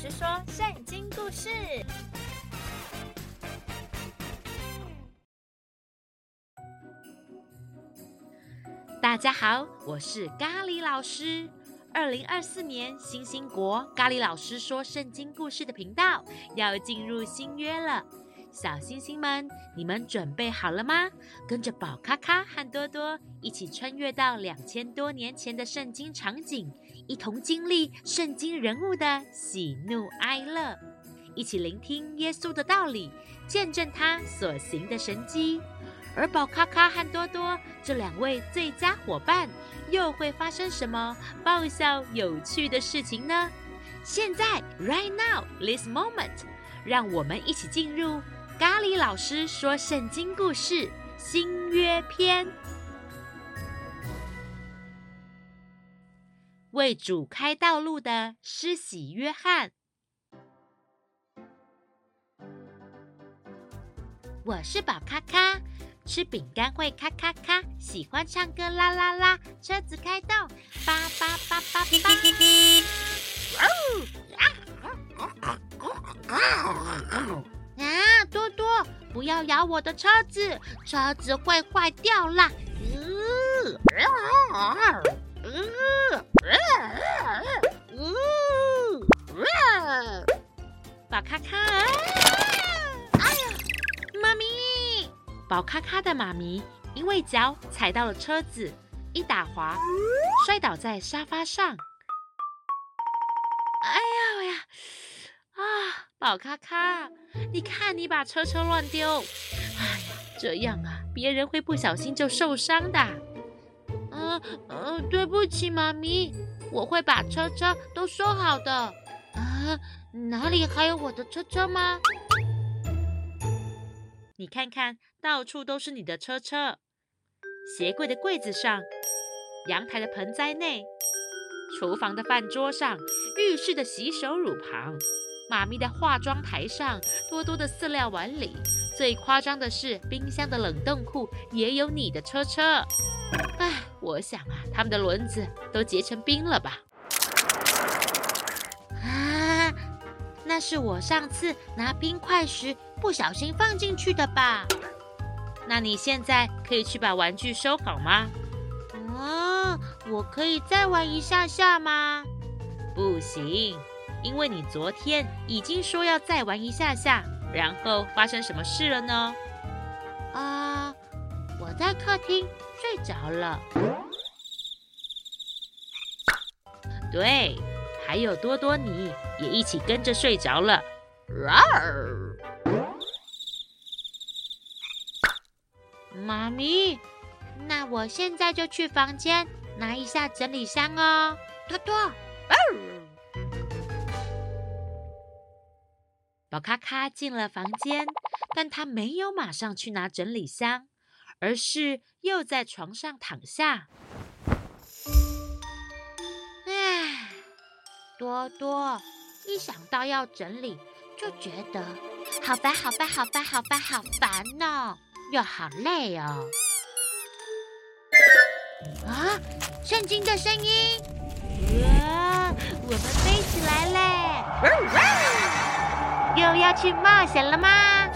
說聖經故事。大家好，我是咖喱老師。二零二四年星星國咖喱老師說聖經故事的頻道要進入新約了，小星星們，你們準備好了嗎？跟着寶咖咖和多多一起穿越到兩千多年前的聖經場景。一同經歷聖經人物的喜怒哀樂，一起聆聽耶穌的道理，見證他所行的神蹟。而寶咖咖和多多這兩位最佳夥伴，又會發生什麼爆笑有趣的事情呢？現在，right now, this moment，讓我們一起進入咖喱老師說聖經故事新約篇。為主開道路的施洗約翰，我是寶咔咔吃餅乾會咔咔咔，喜歡唱歌啦啦啦，車子開動叭叭叭叭叭。巴巴巴巴巴巴 啊！多多，不要咬我的車子，車子會壞掉啦。嗯嗯嗯嗯嗯嗯嗯，寶咖咖，啊，哎呀，媽咪，寶咖咖的媽咪，因為腳踩到了車子，一打滑，摔倒在沙發上。哎呀哎呀！啊，寶咖咖，你看你把車車亂丟，哎呀，這樣啊，別人會不小心就受傷的。嗯嗯、呃呃，對不起，媽咪，我會把車車都收好的。啊、呃，哪裡還有我的車車嗎？你看看，到處都是你的車車。鞋櫃的櫃子上，陽台的盆栽內，廚房的飯桌上，浴室的洗手乳旁，媽咪的化妝台上，多多的飼料碗裡，最誇張的是冰箱的冷凍庫，也有你的車車。唉。我想啊，他們的輪子都結成冰了吧？啊，那是我上次拿冰塊時不小心放進去的吧？那你現在可以去把玩具收好嗎？哦，我可以再玩一下下嗎？不行，因為你昨天已經說要再玩一下下，然後發生什麼事了呢？啊、呃，我在客廳。睡着了，對，還有多多，你也一起跟着睡着了。媽咪，那我現在就去房間拿一下整理箱哦。多多，寶咖咖進了房間，但他沒有馬上去拿整理箱。而是又在床上躺下。哎，多多，一想到要整理，就覺得好煩、好煩、好煩、好煩、好煩哦，又好累哦。啊，聖經的聲音，哇，我們飛起來了！又要去冒險了嗎？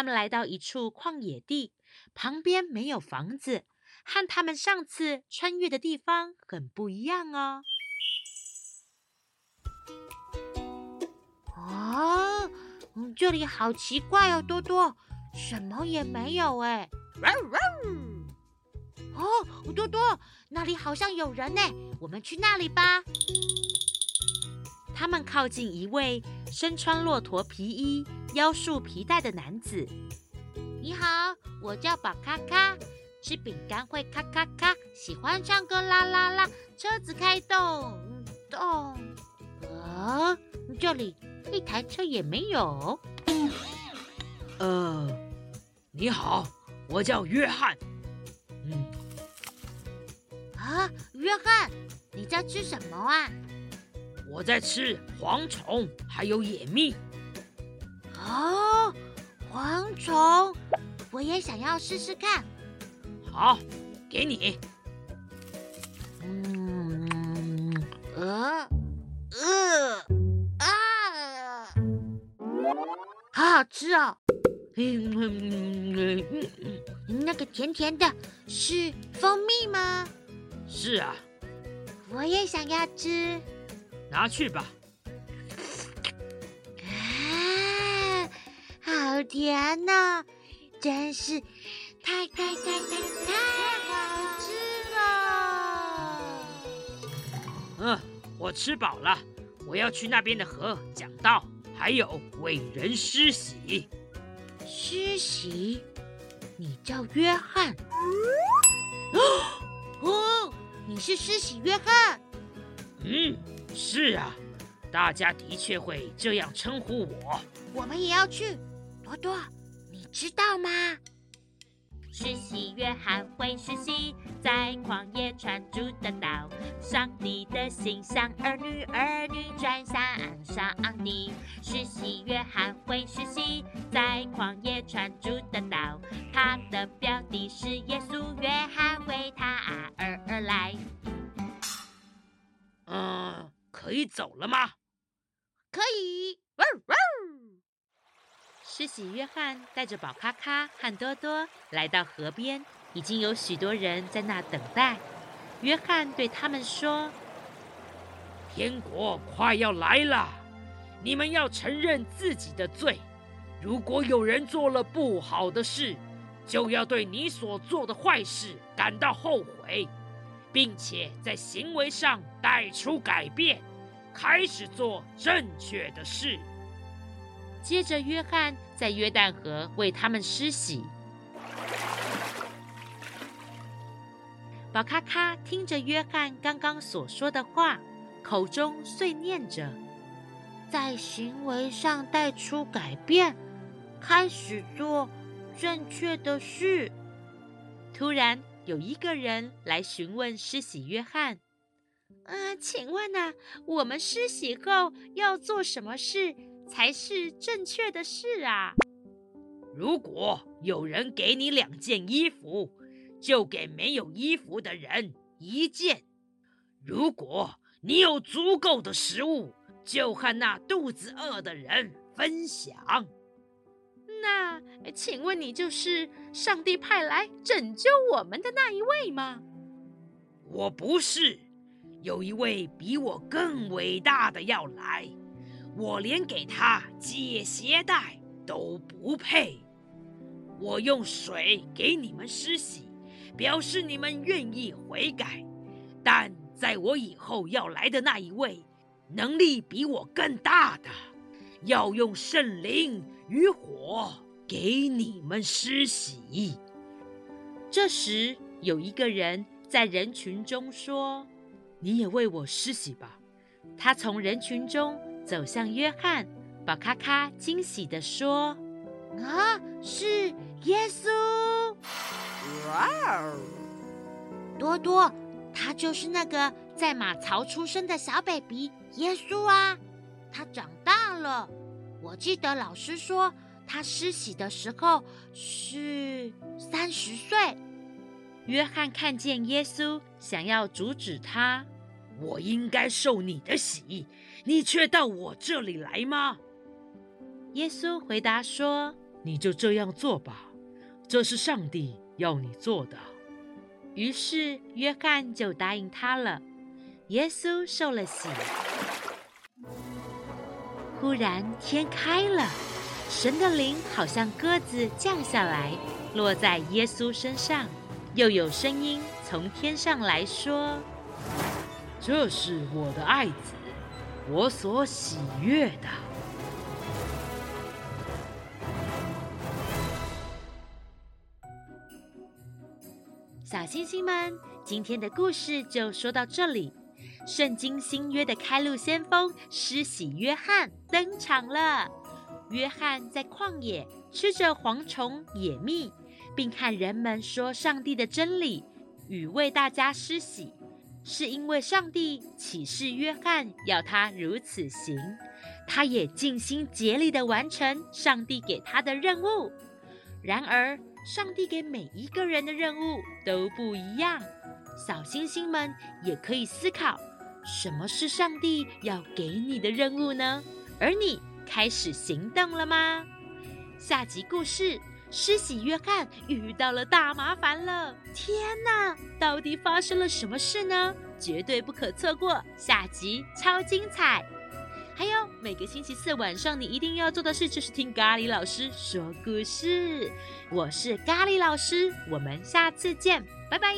他們來到一處曠野地，旁邊沒有房子，和他們上次穿越的地方很不一樣哦。哦，嗯，這裡好奇怪哦，多多，什麼也沒有哎。呃呃，哦，多多，那裡好像有人呢，我們去那裡吧。他們靠近一位身穿駱駝皮衣、腰束皮帶的男子。你好，我叫寶咔咔，吃餅乾會咔咔咔，喜歡唱歌啦啦啦，車子開動動。啊，這裡一台車也沒有。嗯、呃，你好，我叫約翰。嗯。啊，約翰，你在吃什麼啊？我在吃蝗蟲，還有野蜜。哦，蝗蟲，我也想要試試看。好，給你。嗯，呃，呃，啊，好好吃哦。嗯嗯嗯嗯，那個甜甜的是蜂蜜嗎？是啊。我也想要吃。拿去吧。啊，好甜吶。哦，真是太太太太太好吃了。嗯、呃，我吃飽了，我要去那邊的河講道，還有為人施洗。施洗，你叫約翰？哦，你是施洗約翰？嗯。是啊，大家的確會這樣稱呼我。我們也要去，多多，你知道嗎？施洗約翰會施洗，在曠野傳主的道，上帝的心向兒女，兒女轉向上，上帝。施洗約翰會施洗，在曠野傳主的道，他的表弟是耶穌，約翰為他而，而來。你走了嗎？可以。汪汪！施洗約翰帶着寶咖咖和多多來到河邊，已經有許多人在那等待。約翰對他們說：“天國快要來了，你們要承認自己的罪。如果有人做了不好的事，就要對你所做的壞事感到後悔，並且在行為上帶出改變。”開始做正確的事。接着，約翰在約旦河為他們施洗。寶咖咖聽着約翰剛剛所說的話，口中碎念着：“在行為上帶出改變，開始做正確的事。”突然，有一個人來詢問施洗約翰。嗯、呃，請問呢、啊，我們施洗後要做什麼事才是正確的事啊？如果有人給你兩件衣服，就給沒有衣服的人一件；如果你有足夠的食物，就和那肚子餓的人分享。那請問你就是上帝派來拯救我們的那一位嗎？我不是。有一位比我更偉大的要來，我連給他解鞋帶都不配。我用水給你們施洗，表示你們願意悔改。但在我以後要來的那一位，能力比我更大的，要用聖靈與火給你們施洗。這時，有一個人在人群中說。你也為我施洗吧。他從人群中走向約翰，寶咖咖驚喜地說：“啊，是耶穌！哇！多多，他就是那個在馬槽出生的小 baby 耶穌啊！他長大了。我記得老師說他施洗的時候是三十歲。”約翰看見耶穌，想要阻止他。我應該受你的洗，你卻到我這裡來嗎？耶穌回答說：“你就這樣做吧，這是上帝要你做的。”於是約翰就答應他了。耶穌受了洗，忽然天開了，神的靈好像鴿子降下來，落在耶穌身上，又有聲音從天上來說。這是我的愛子，我所喜悅的。小星星們，今天的故事就說到這裡。聖經新約的開路先鋒施洗約翰登場了。約翰在曠野吃着蝗蟲、野蜜，並看人們說上帝的真理，與為大家施洗。是因為上帝啟示約翰，要他如此行，他也盡心竭力地完成上帝給他的任務。然而，上帝給每一個人的任務都不一樣。小星星們也可以思考，什麼是上帝要給你的任務呢？而你開始行動了嗎？下集故事。施洗約翰遇到了大麻煩了！天哪，到底發生了什麼事呢？絕對不可錯過，下集超精彩！還有，每個星期四晚上你一定要做的事就是聽咖喱老師說故事。我是咖喱老師，我們下次見，拜拜。